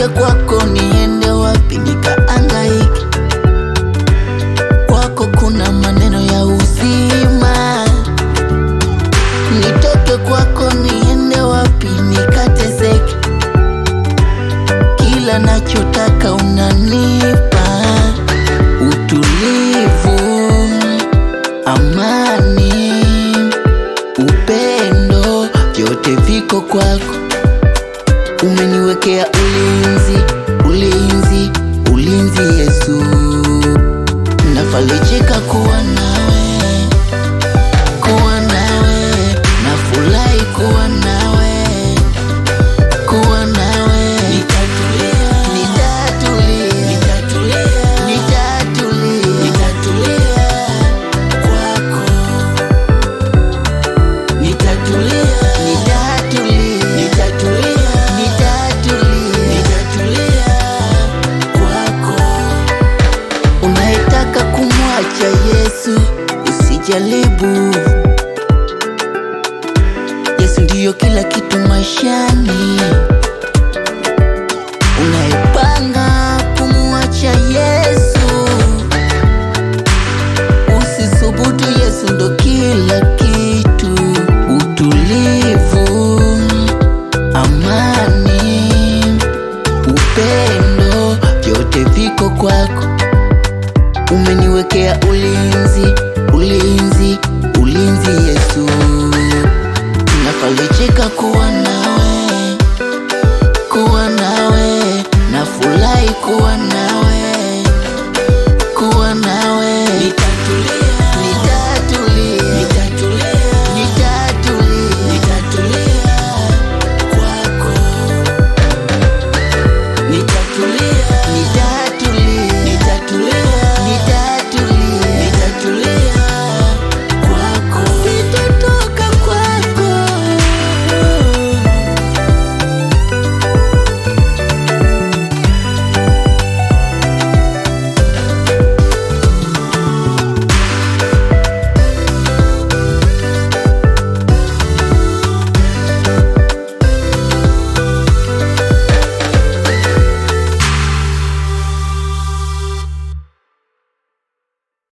nitoke kwako niende wapi nikaangaike kwako kuna maneno ya uzima nitoke kwako niende wapi nikateseke kila nachotaka unanipa utulivu amani upendo vyote viko kwako umeniwekea ulinzi Yesu, usijaribu. Yesu ndiyo kila kitu maishani. Unaepanga kumuacha Yesu, usisubutu. Yesu ndo kila kitu, utulivu, amani, upendo, vyote viko kwako umeniwekea ulinzi, ulinzi, ulinzi Yesu.